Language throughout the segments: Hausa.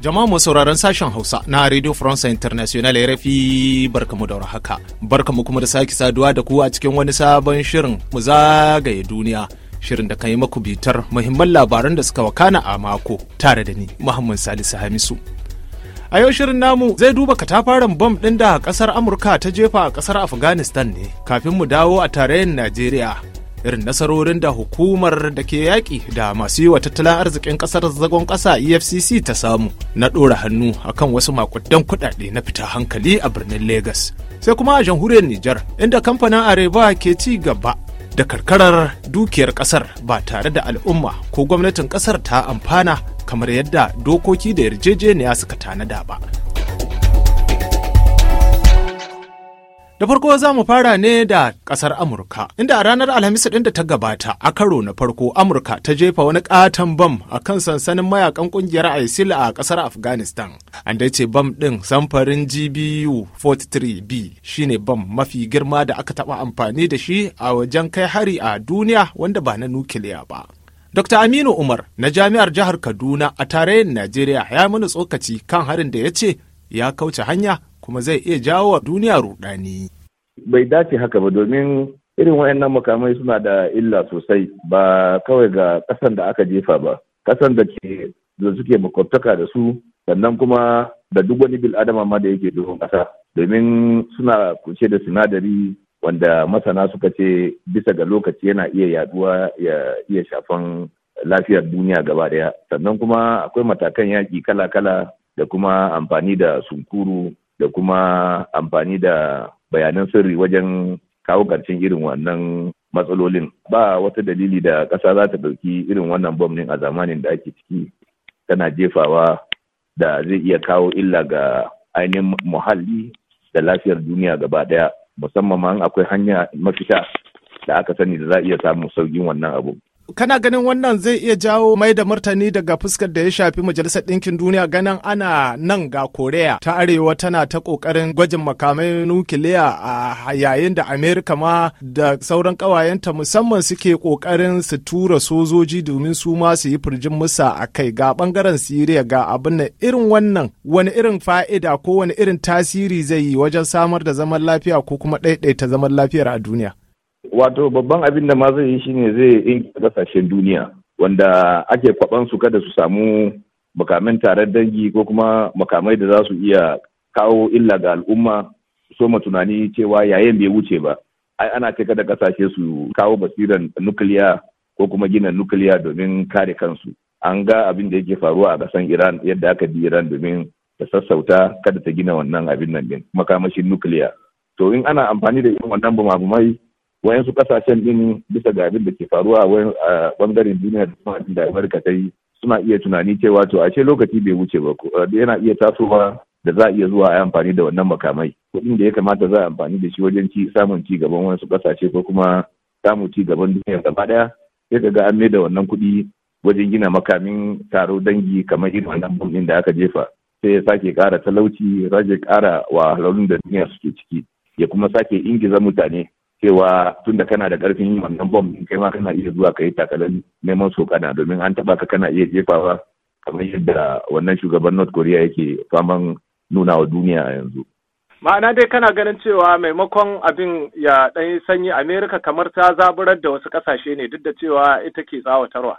Jama'a mu sauraron sashen Hausa na Radio France International ya rafi barkamu da haka. Barkamu kuma da sake saduwa da ku a cikin wani sabon shirin mu zagaye duniya. Shirin da kan yi maku bitar muhimman labaran da suka wakana a mako tare da ni Muhammad Salisu Hamisu. A yau shirin namu zai duba katafaren bom ɗin da ƙasar Amurka ta jefa a kasar Afghanistan ne kafin mu dawo a tarayyar Najeriya. irin nasarorin da hukumar da ke yaƙi da masu yi wa tattalin arzikin ƙasar zagon ƙasa efcc ta samu na ɗora hannu akan wasu makudan kuɗaɗe na fita hankali a birnin Legas. sai kuma a jamhuriyar nijar inda kamfanin areba ke ci gaba da karkarar dukiyar ƙasar ba tare da al'umma ko gwamnatin ƙasar ta amfana kamar yadda dokoki da yarjejeniya suka tanada ba Da farko za mu fara ne da ƙasar Amurka, inda a ranar Alhamis ɗin da ta gabata a karo na farko Amurka ta jefa wani ƙaton bam a kan sansanin mayakan ƙungiyar ISIL a ƙasar Afghanistan. An dai ce bam ɗin samfarin GBU 43B shine bam mafi girma da aka taɓa amfani da shi a wajen kai hari a duniya wanda ba na nukiliya ba. Dr. Aminu Umar na Jami'ar Jihar Kaduna a tarayyar Najeriya ya mana tsokaci kan harin da ya ce ya kauce hanya kuma zai iya jawo wa duniya rudani. bai dace haka ba domin irin wayannan makamai suna da illa sosai ba kawai ga kasan da aka jefa ba kasan da ke da suke makwabtaka da su sannan kuma da duk wani bil'adama ma da yake dogon ƙasa domin suna kuce da sinadari wanda masana suka ce bisa ga lokaci yana iya yaduwa ya iya shafan lafiyar duniya gaba daya sannan kuma akwai matakan yaki kala-kala da kuma amfani da sunkuru da kuma amfani da bayanan sirri wajen kawo karshen irin wannan matsalolin ba wata dalili da ƙasa za ta ɗauki irin wannan bom ɗin a zamanin da ake ciki tana jefawa da zai iya kawo illa ga ainihin muhalli da lafiyar duniya gaba ɗaya musamman ma akwai hanya mafita da aka sani da za a iya samun saukin wannan abu kana ganin wannan zai iya jawo mai da martani daga fuskar da ya shafi majalisar ɗinkin duniya ganin ana nan ga koreya ta arewa tana ta ƙoƙarin gwajin makamai nukiliya a yayin da amerika ma da sauran ƙawayenta musamman suke ƙoƙarin su tura sojoji domin su ma su yi firjin musa a kai ga ɓangaren siriya ga abin nan irin wannan wani irin fa'ida ko wani irin tasiri zai yi wajen samar da zaman lafiya ko kuma ɗaiɗaita zaman lafiyar a duniya wato babban abin da ma zai yi shine zai inganta kasashen duniya wanda ake kwaban su kada su samu makamin tarar dangi ko kuma makamai da za su iya kawo illa ga al'umma so ma tunani cewa yayin bai wuce ba ai ana ce kada kasashe su kawo basiran nukiliya ko kuma gina nukiliya domin kare kansu an ga abin da yake faruwa a kasan iran yadda aka bi iran domin ta sassauta kada ta gina wannan abin nan din makamashin nukiliya to in ana amfani da irin wannan bumabumai wayansu kasashen din bisa ga abin da ke faruwa a bangaren duniya da kuma da amurka ta yi suna iya tunani cewa to ashe lokaci bai wuce ba eh, yana iya tasowa da za a iya zuwa a yi amfani da wannan makamai kuɗin da ya kamata za a amfani da shi wajen ci samun ci gaban wasu kasashe ko kuma samun ci gaban duniya gaba ɗaya sai ga an da wannan kuɗi wajen gina makamin taro dangi kamar irin wannan bom da aka jefa sai ya sake kara talauci ya kara ƙara da duniya suke ciki ya kuma sake ingiza mutane cewa tun da kana da karfin yin wannan bom kai ma kana iya zuwa ka yi takalan neman sokana domin an taba ka kana iya jefawa kamar yadda wannan shugaban North Korea yake faman nuna wa duniya a yanzu. Ma'ana dai kana ganin cewa maimakon abin ya ɗan sanyi Amerika kamar ta zaburar da wasu ƙasashe ne duk da cewa ita ke tsawatarwa.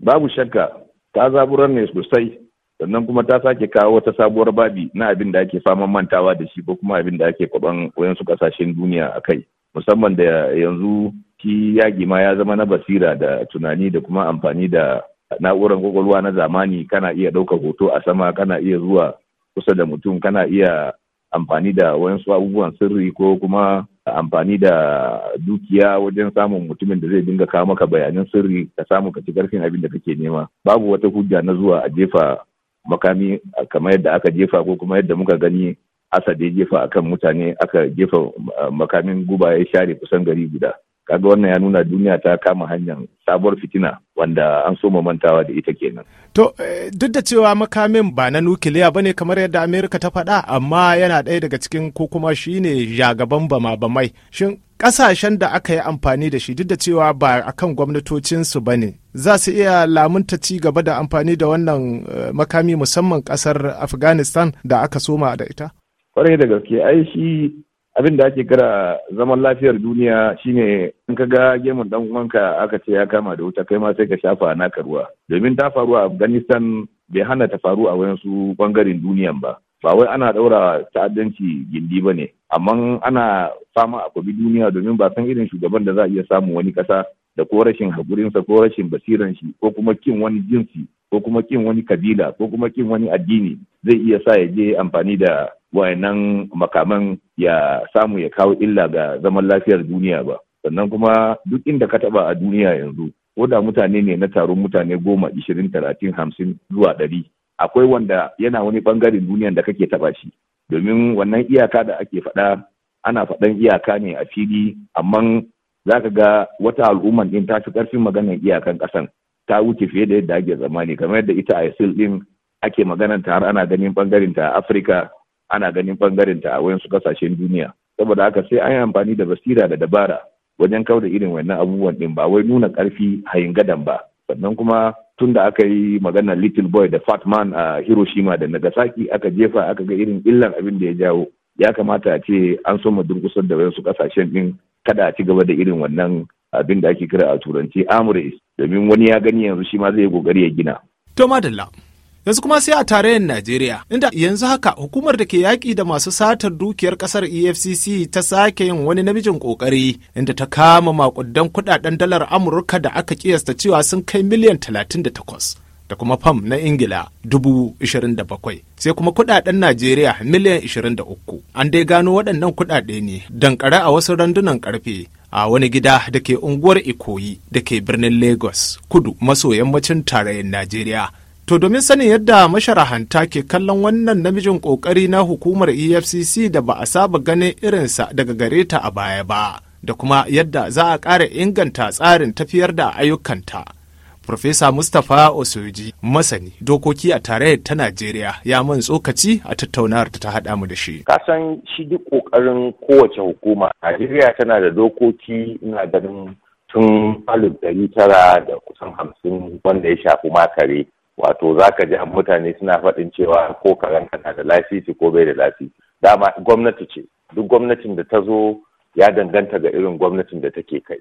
Babu shakka ta zaburar ne sosai sannan kuma ta sake kawo wata sabuwar babi na abin da ake faman mantawa da shi ko kuma abin da ake kwaban wayansu ƙasashen duniya a kai. musamman da yanzu ki yaƙi ma ya zama na basira da tunani da kuma amfani da na'urar kwakwalwa na zamani kana iya ɗaukar hoto a sama kana iya zuwa kusa da mutum kana iya amfani da wayansu abubuwan sirri ko kuma amfani da dukiya wajen samun mutumin da zai dinga kawo maka bayanan sirri ka samu ka ci karfin abin da kake nema babu wata hujja na zuwa a jefa makami kamar yadda aka jefa ko kuma yadda muka gani da ya jefa akan mutane aka jefa ah, makamin guba ya share kusan gari guda kaga wannan ya nuna duniya ta kama hanyar sabuwar fitina wanda an so mantawa da ita kenan. To eh, duk da cewa makamin ba na nukiliya bane kamar yadda Amerika ta faɗa amma yana ɗaya daga cikin ko kuma shine jagaban bama bamai shin kasashen da aka yi amfani da shi duk da cewa ba akan gwamnatocinsu ba ne za su iya lamunta ci gaba da amfani da wannan eh, makami musamman kasar Afghanistan da aka soma da ita? kwarai da gaske ai shi abin da ake kira zaman lafiyar duniya shine in ka ga gemun dan uwanka aka ce ya kama da wuta kai ma sai ka shafa na karuwa. domin ta faru a afghanistan bai hana ta faru a wayansu bangaren duniyan ba ba wai ana daura ta'addanci gindi ba ne amma ana fama a kwabi duniya domin ba san irin shugaban da za a iya samu wani kasa da ko rashin haƙurinsa ko rashin basiran shi ko kuma kin wani jinsi ko kuma kin wani kabila ko kuma kin wani addini zai iya sa ya je amfani da wayannan makaman ya samu ya kawo illa ga zaman lafiyar duniya ba sannan kuma duk inda ka taba a duniya yanzu ko da mutane ne na taron mutane goma ishirin talatin hamsin zuwa ɗari akwai wanda yana wani bangaren duniyan da kake taba shi domin wannan iyaka da ake faɗa ana faɗan iyaka ne a fili amma za ka ga wata al'umman din ta fi ƙarfin maganar iyakan ƙasan ta wuce fiye da yadda ake zamani kamar yadda ita a isil din ake maganar ta har ana ganin bangaren ta afirka ana ganin bangaren ta a wayansu kasashen duniya saboda haka sai an yi amfani da basira da dabara wajen kawar da irin wannan abubuwan din ba wai nuna karfi hayin gadan ba sannan kuma tun da aka yi magana little boy da fat man a hiroshima da nagasaki aka jefa aka ga irin illan abin da ya jawo ya kamata a ce an so mu durkusar da wayansu kasashen din kada a ci gaba da irin wannan abin da ake kira a turanci amuris domin wani ya gani yanzu shi ma zai kokari ya gina. To madalla. yanzu kuma sai a tarayyar najeriya inda yanzu haka hukumar da ke yaƙi da masu satar dukiyar ƙasar efcc ta sake yin wani namijin ƙoƙari inda ta kama makudan kuɗaɗen dalar amurka da aka kiyasta cewa sun kai miliyan 38 da kuma fam na ingila dubu bakwai sai kuma kuɗaɗen najeriya miliyan 23 an dai gano waɗannan kuɗaɗe ne dankare a wasu randunan karfe a wani gida da ke unguwar ikoyi da ke birnin lagos kudu maso yammacin tarayyar najeriya To domin sanin yadda masharahanta ke kallon wannan namijin ƙoƙari na hukumar EFCC da ba a saba ganin irinsa daga gare ta a baya ba, da kuma yadda za a ƙara inganta tsarin tafiyar da ayyukanta. Profesa Mustapha Osoji, masani dokoki a tarayyar ta Najeriya ya man tsokaci a tattaunawar ta haɗa mu da shi. Kasan shi duk ƙoƙarin kowace hukuma, Najeriya tana da dokoki ina ganin tun alif dari tara da kusan hamsin wanda ya shafi makare wato za ka ji mutane suna faɗin cewa ko karen na da lasisi ko bai da lasisi dama gwamnati ce duk gwamnatin da ta zo ya danganta ga irin gwamnatin da take kai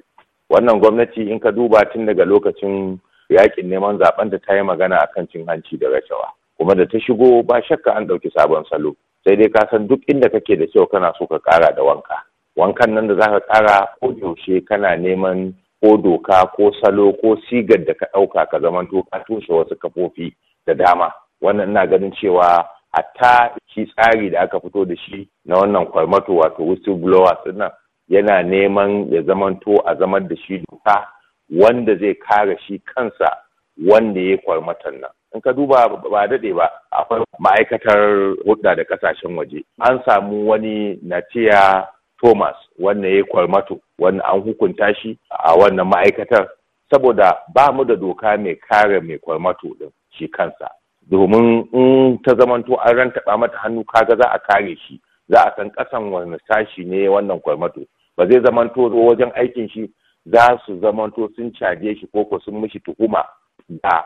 wannan gwamnati in ka duba tun daga lokacin yakin neman zaben da ta yi magana a kan cin hanci da rashawa kuma da ta shigo ba shakka an ɗauki sabon salo sai dai ka san duk inda kake da kyau kana so ka ƙara da wanka wankan nan da za ka ƙara ko yaushe kana neman ko doka ko salo ko sigar da ka ɗauka ka zamanto ka toshe wasu kafofi da dama wannan ina ganin cewa a ta shi tsari da aka fito da shi na wannan kwarmato wato whistleblower nan yana neman ya zamanto a zamar da shi doka wanda zai kare shi kansa wanda ya kwarmatan nan in ka duba ba daɗe ba akwai ma'aikatar hudda da kasashen waje an samu wani natiya thomas wannan ya kwarmato wannan an hukunta shi a wannan ma'aikatar saboda ba mu da doka mai kare mai kwarmato din shi kansa domin in ta zamanto an rantaba mata hannu kaga za a kare shi za a san kasan wani sashi ne wannan kwarmato ba zai zamanto wajen aikin shi za su zamanto sun caje shi ko ko sun mishi tuhuma da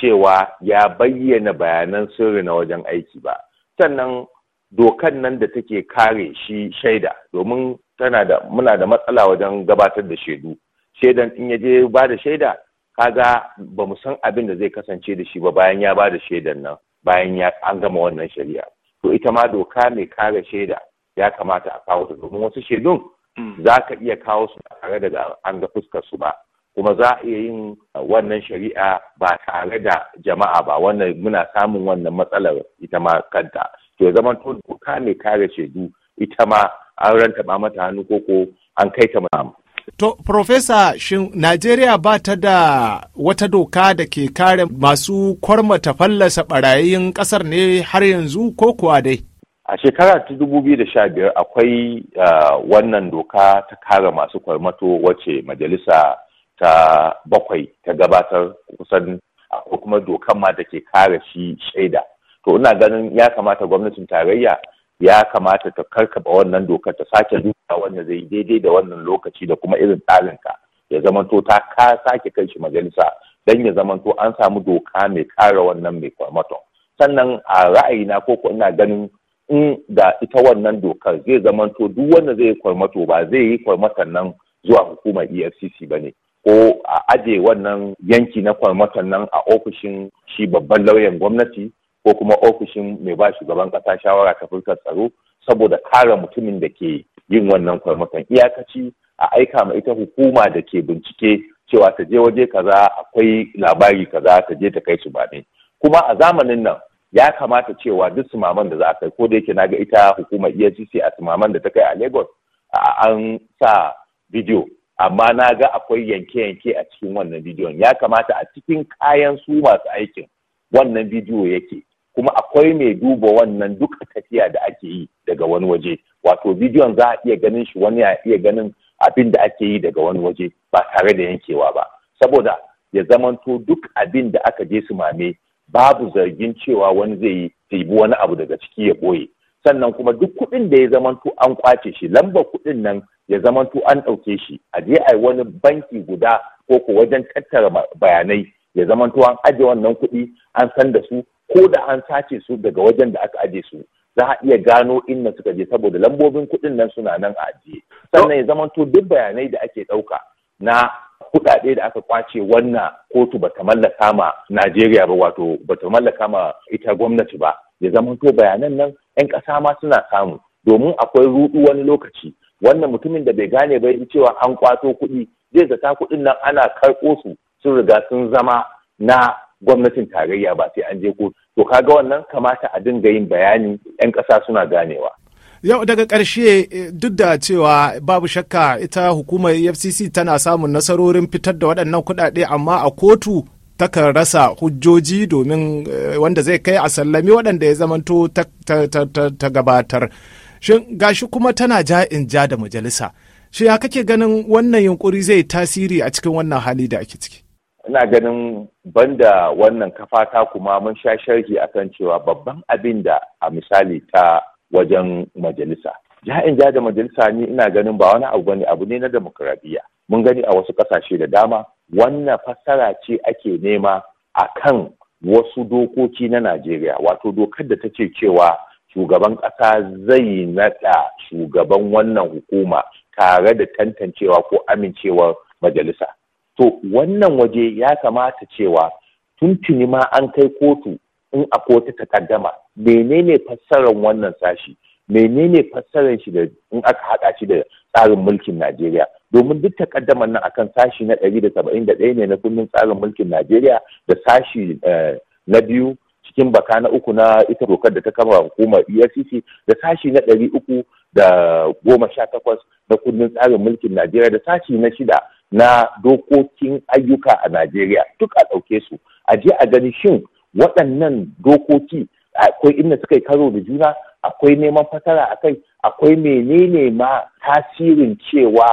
cewa ya bayyana bayanan sirri na wajen aiki ba sannan dokan nan da take kare shi shaida domin tana da muna da matsala wajen gabatar da shaidu shaidan in ya je ba da shaida kaga ba mu san abin da zai kasance da shi ba bayan ya ba da shaidan nan bayan ya an gama wannan shari'a to ita ma doka mai kare shaida ya kamata a kawo ta domin wasu shaidun hmm. za ka iya kawo su tare daga an ga fuskar su ba kuma za a iya yin wannan shari'a ba tare da jama'a ba wannan muna samun wannan matsalar ita ma kanta ya zama to doka ne kare shaidu ita ma an rantaba mata hannu ko an kai ta mana To, Profesa, shin Najeriya ba ta da wata doka da ke kare masu kwarmata fallasa barayin kasar ne har yanzu ko kuwa dai? A shekara ta biyar akwai wannan doka ta kare masu kwarmato wace majalisa ta bakwai ta gabatar kusan ko kuma dokan ma da ke kare shi shaida to ina ganin ya kamata gwamnatin tarayya ya kamata ta karkaba wannan dokar ta sake duba wanda zai daidai da wannan lokaci da kuma irin ka ya zamanto ta ka sake kai shi majalisa dan ya zamanto an samu doka mai kara wannan mai kwamaton sannan a ra'ayina ko ko ina ganin in da ita wannan dokar zai zamanto duk wanda zai yi kwarmato ba zai yi kwarmatan nan zuwa hukumar efcc ba ne ko a aje wannan yanki na kwarmatan nan a ofishin shi babban lauyan gwamnati ko kuma ofishin mai ba shugaban kasa shawara ta fuskar tsaro saboda kare mutumin da ke yin wannan kwarmakan iyakaci a aika ma ita hukuma da ke bincike cewa ta je waje kaza akwai labari kaza ta je ta kai su ba ne kuma a zamanin nan ya kamata cewa duk sumaman da za a kai ko da yake naga ita hukumar EFCC a sumaman da ta kai a Lagos an sa bidiyo amma na ga akwai yanke-yanke a cikin wannan bidiyon ya kamata a cikin kayan su masu aikin wannan bidiyo yake kuma akwai mai duba wannan duk tafiya da ake yi daga wani waje wato bidiyon za a iya ganin shi wani a iya ganin abin da ake yi daga wani waje ba tare da yankewa ba saboda ya zamanto duk abin da aka je su mame babu zargin cewa wani zai yi bi wani abu daga ciki ya ɓoye sannan kuma duk kuɗin da ya zamanto an kwace shi lambar kuɗin nan ya zamanto an ɗauke shi a je a yi wani banki guda ko ko wajen tattara bayanai ya zamanto an ajiye wannan kuɗi an san da su ko da an sace su daga wajen da aka aje su za a iya gano inda suka je saboda lambobin kuɗin nan suna nan a ajiye sannan ya zamanto duk bayanai da ake ɗauka na kuɗaɗe da aka kwace wannan kotu ba ta mallaka ma Najeriya ba wato ba ta mallaka ma ita gwamnati ba ya zamanto bayanan nan 'yan ƙasa ma suna samu domin akwai ruɗu wani lokaci wannan mutumin da bai gane ba yi cewa an kwato kuɗi zai zata kuɗin nan ana karɓo su sun riga sun zama na gwamnatin tarayya ba sai an je kotu to kaga wannan kamata a dinga yin bayani 'yan ƙasa suna ganewa yau daga ƙarshe eh, duk da cewa babu shakka ita hukumar e fcc tana samun nasarorin fitar da waɗannan kuɗaɗe amma a kotu takan rasa hujjoji domin eh, wanda zai kai a sallami waɗanda ya zamanto ta gabatar shin gashi kuma tana ja in ja da majalisa shi ya kake ganin wannan yunkuri zai tasiri a cikin wannan hali da ake ciki ina ganin banda wannan kafata kuma mun sha sharhi akan cewa babban abin da a misali ta wajen majalisa ja'in ja da majalisa ni ina ganin ba wani abu bane abu ne na demokradiyya mun gani a wasu kasashe da dama wannan fassara ce ake nema a kan wasu dokoki na Najeriya wato dokar da ta ce cewa shugaban ƙasa zai naɗa shugaban wannan hukuma tare da tantancewa ko amincewar majalisa to wannan waje ya kamata cewa tuntuni ma an kai kotu in a kotu ta kaddama menene fassarar wannan sashi menene fassarar shi da in aka haɗa shi da tsarin mulkin Najeriya domin duk takaddamar nan akan sashi na ɗari da saba'in da ɗaya ne na kundin tsarin mulkin Najeriya da sashi eh, na biyu cikin baka na uku na ita dokar da ta kama hukumar EFCC da sashi na ɗari uku da goma sha takwas na kundin tsarin mulkin Najeriya da sashi na shida na dokokin ayyuka a Najeriya duk a ɗauke su a je a gani shin waɗannan dokoki akwai inda suka yi karo da juna akwai neman fasara a kai akwai menene ma tasirin cewa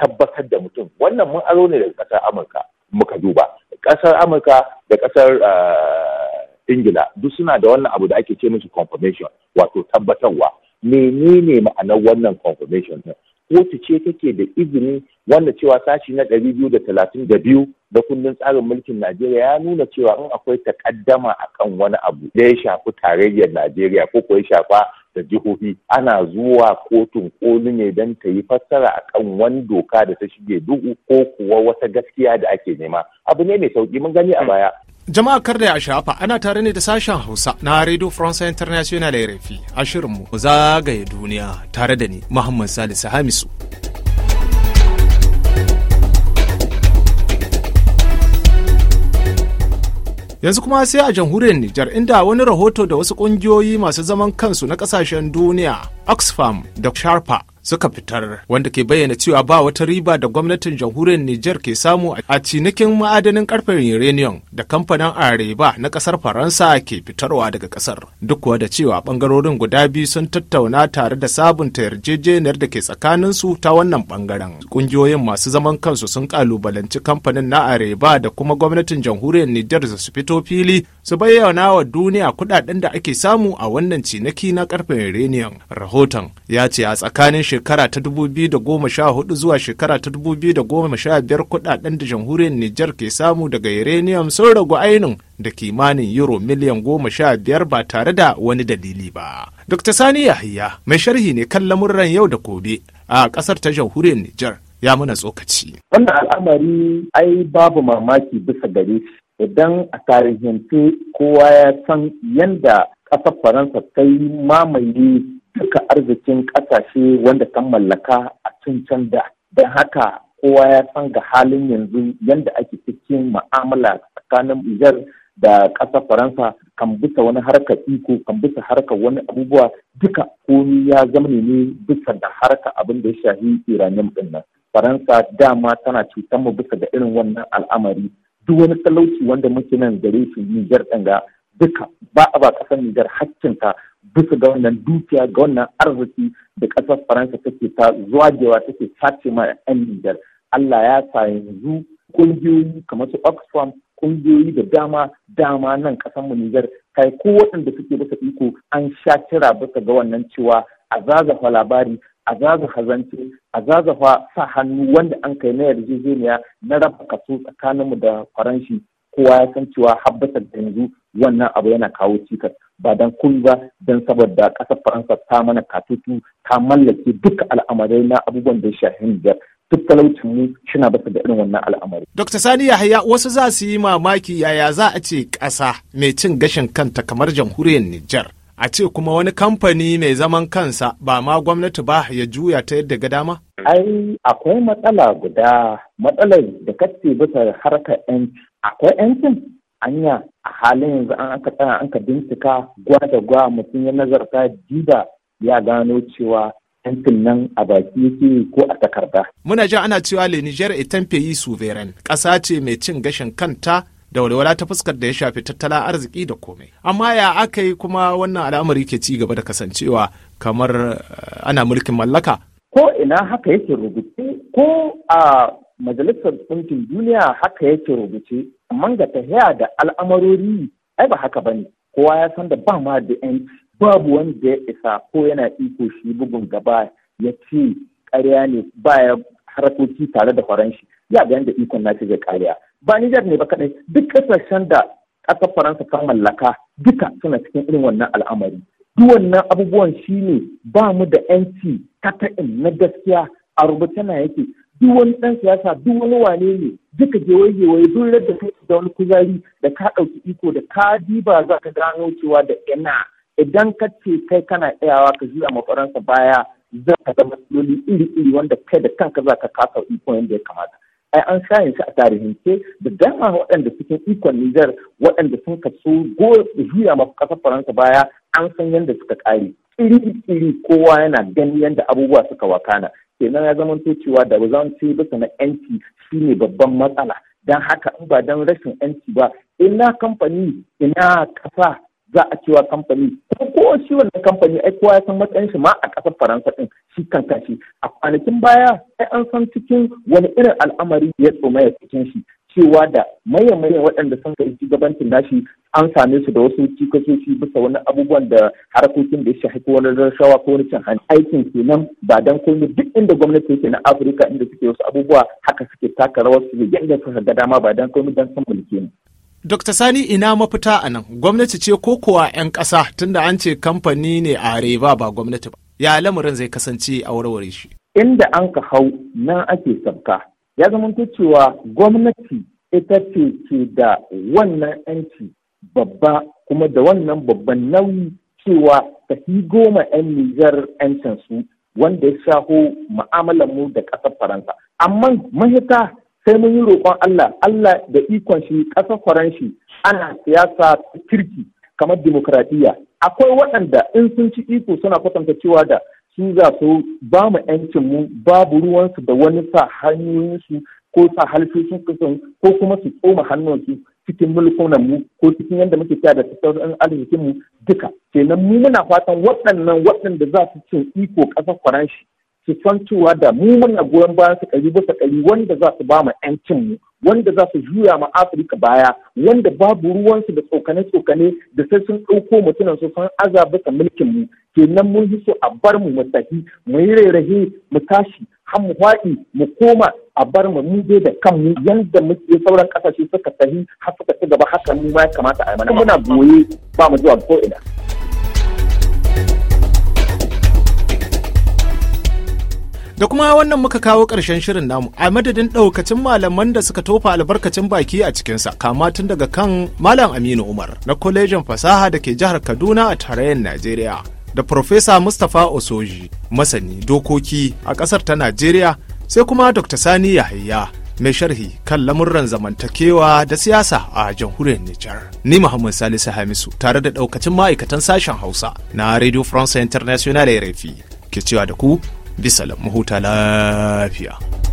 tabbatar da mutum wannan mun aro ne daga ƙasar amurka muka duba ƙasar amurka da ƙasar eh, ingila duk suna da wannan abu da ake ce musu confirmation wato tabbatarwa menene ma'anar wannan confirmation din kotu ce take da izini wanda cewa sashi na ɗari biyu da talatin da biyu da kundin tsarin mulkin Najeriya ya nuna cewa in akwai takaddama kan wani abu da ya shafi tarayyar Najeriya ko ko ya shafa da jihohi ana zuwa kotun koli ne don ta yi fassara kan wani doka da ta shige duhu ko kuwa wata gaskiya da ake nema abu ne mai sauƙi mun gani a baya Jama'a kar da a shafa ana tare ne da sashen Hausa na Radio France International RFI a shirinmu zagaye duniya tare da ni Muhammad Salisu Hamisu. Yanzu kuma sai a jamhuriyar Nijar inda wani rahoto da wasu ƙungiyoyi masu zaman kansu na ƙasashen duniya Oxfam da Sharpa suka fitar wanda ke bayyana cewa ba wata riba da gwamnatin jamhuriyar Nijar ke samu a cinikin ma'adanin karfen uranium da kamfanin Areba na kasar Faransa ke fitarwa daga kasar. Duk kuwa da cewa bangarorin guda biyu sun tattauna tare da sabunta yarjejeniyar da ke tsakanin su ta wannan bangaren. Kungiyoyin masu zaman kansu sun kalubalanci kamfanin na Areba da kuma gwamnatin jamhuriyar Nijar su fito fili su bayyana wa duniya kudaden da ake samu a wannan ciniki na karfen uranium. Rahoton ya ce a tsakanin shekara ta 2014 zuwa shekara ta 2015 kudaden da jamhuriyar Nijar ke samu daga uranium sun ragu ainin da kimanin euro miliyan 15 ba tare da wani dalili ba. Dr. Sani Yahiya mai sharhi ne kan lamurran yau da gobe a kasar ta jamhuriyar Nijar ya muna tsokaci. Wannan al'amari ai babu mamaki bisa gare shi idan a tarihin kowa ya san yanda ƙasar Faransa ta yi mamaye duka arzikin kasashe wanda ta mallaka a can da don haka kowa ya san ga halin yanzu yadda ake cikin ma'amala tsakanin Nijar da ƙasar Faransa kan bisa wani harkar iko kan bisa harkar wani abubuwa duka komi ya zama ne bisa da harka abin da ya shahi Iranium din Faransa dama tana cutar mu bisa da irin wannan al'amari duk wani talauci wanda muke nan gare shi Nijar ɗin ga duka ba a ba ƙasar Nijar hakkinta bisa ga wannan dukiya ga wannan arziki da ƙasar faransa take ta zuwa jewa take sace ma 'yan nijar allah ya sa yanzu ƙungiyoyi kamar su oxfam ƙungiyoyi da dama dama nan ƙasar mu nijar kai ko waɗanda suke bisa iko an sha kira bisa ga wannan cewa a zazafa labari a zazafa zance a zazafa sa hannu wanda an kai na yarjejeniya na raba kaso tsakaninmu da faranshi kowa ya san cewa habbata da yanzu wannan abu yana kawo cikas ba dan kun ba dan saboda kasar faransa ta mana katutu ta mallake duka al'amarai na abubuwan da ya shafi nijar duk talaucin mu shina basu da irin wannan al'amari. Dr. Sani Yahaya wasu za su yi mamaki yaya za a ce ƙasa mai cin gashin kanta kamar jamhuriyar Nijar. A ce kuma wani kamfani mai zaman kansa ba ma gwamnati ba ya juya ta yadda ga dama? Ai, akwai matsala guda matsalar da kace bisa harkar 'yanci. Akwai 'yancin anya a halin yanzu an aka tsaya an ka bincika gwa da gwa mutum ya nazarta diba ya gano cewa yankin nan a baki yake ko a takarda. Muna ji ana cewa le Niger etempe yi suveren ƙasa ce mai cin gashin kanta da walwala ta fuskar da ya shafi tattalin arziki da komai. Amma ya aka yi kuma wannan al'amari ke ci gaba da kasancewa kamar eh, ana mulkin mallaka. Ko ina haka yake rubuce ko a majalisar ɗinkin duniya haka yake rubuce amma ga tahiya da al'amarori ai ba haka bane kowa ya san da ba ma da yanci babu wanda ya isa ko yana iko shi bugun gaba ya ce ƙarya ne Ba ya harakoki tare da faranshi ya ga yanda ikon ce zai ƙarya ba Nijar ne ba kaɗai duk ƙasashen da ƙasar Faransa ta mallaka duka suna cikin irin wannan al'amari duk wannan abubuwan shine ba mu da yanci kata'in na gaskiya a rubuce na yake duk wani ɗan siyasa duk wani wane ne duka gewaye-gewaye duk da kai da wani kuzari da ka ɗauki iko da ka diba za ka gano cewa da ina idan ka ce kai kana tsayawa ka juya ma faransa baya za ka zama matsaloli iri-iri wanda kai da kanka za ka kasa iko yadda ya kamata ai an sha shi a tarihin ce da dama waɗanda cikin ikon Nijar waɗanda sun so go juya ma ƙasar Faransa baya an san yadda suka kare Iri-iri kowa yana ganin yadda abubuwa suka wakana. kenan ya zama cewa da ba ce bisa na yanci shine babban matsala don haka in ba don rashin yanci ba ina kamfani ina kasa za a cewa kamfani ko shi wannan kamfani ai kowa ya san matsayin shi ma a kasar faransa din shi kan kashi a kwanakin baya sai an san cikin wani irin al'amari ya tsoma ya cikin shi cewa da maye-maye waɗanda sun kai shugabancin nashi an same su da wasu cikasoci bisa wani abubuwan da harkokin da ya shafi ko wani rashawa ko wani cin aikin kenan ba dan komai duk inda gwamnati yake na Afirka inda suke wasu abubuwa haka suke taka rawar su yadda su ga dama ba dan komai dan san mulki ne. Dr. Sani ina mafita a nan gwamnati ce ko kuwa 'yan ƙasa tunda an ce kamfani ne a Reba ba gwamnati ba. Ya lamarin zai kasance a warware shi. Inda an ka hau nan ake sabka ya zama cewa gwamnati ita ce ke da wannan yanci babba kuma da wannan babban nauyi cewa ta fi goma 'yan Nijar 'yancin su wanda ya shaho mu'amalar mu da ƙasar Faransa. Amma mahita sai mun yi roƙon Allah, Allah da ikon shi ƙasar Faranshi ana siyasa kirki kamar dimokuraɗiyya. Akwai waɗanda in sun ci iko suna kwatanta cewa da su za su ba mu yancin mu babu ruwansu da wani sa hanyoyinsu ko sa kusan, ko kuma su tsoma hannunsu cikin mulkunan mu ko cikin yadda muke kiya da tattalin arzikin mu duka kenan mu muna fatan waɗannan waɗanda za su cin iko ƙasar faranshi su san cewa da mu muna goyon bayan su ƙari bisa ƙari wanda za su ba mu yancin mu wanda za su juya ma afirka baya wanda babu ruwansu da tsokane-tsokane da sai sun ɗauko mutunan su san aza bisa mulkin mu kenan mun fi so a bar mu mu tafi mu yi rairaye mu tashi har mu faɗi mu koma a bar mu mu je da kanmu yanda muke sauran kasashe suka tafi har suka ci gaba haka mu ma ya kamata a yi mana muna goye ba mu zuwa ko ina da kuma wannan muka kawo ƙarshen shirin namu a madadin ɗaukacin malaman da suka tofa albarkacin baki a cikinsa kama tun daga kan malam aminu umar na kwalejin fasaha da ke jihar kaduna a tarayyar najeriya da Profesa Mustapha Osoji, masani dokoki a ƙasar ta Najeriya, sai kuma Dr. Sani Yahaya, mai sharhi kan lamurran zamantakewa da siyasa a jamhuriyar Nijar. Ni Muhammad Salisu Hamisu tare da ɗaukacin ma'aikatan sashen Hausa na Radio France International RFI ke cewa da ku bisa lamuhuta lafiya.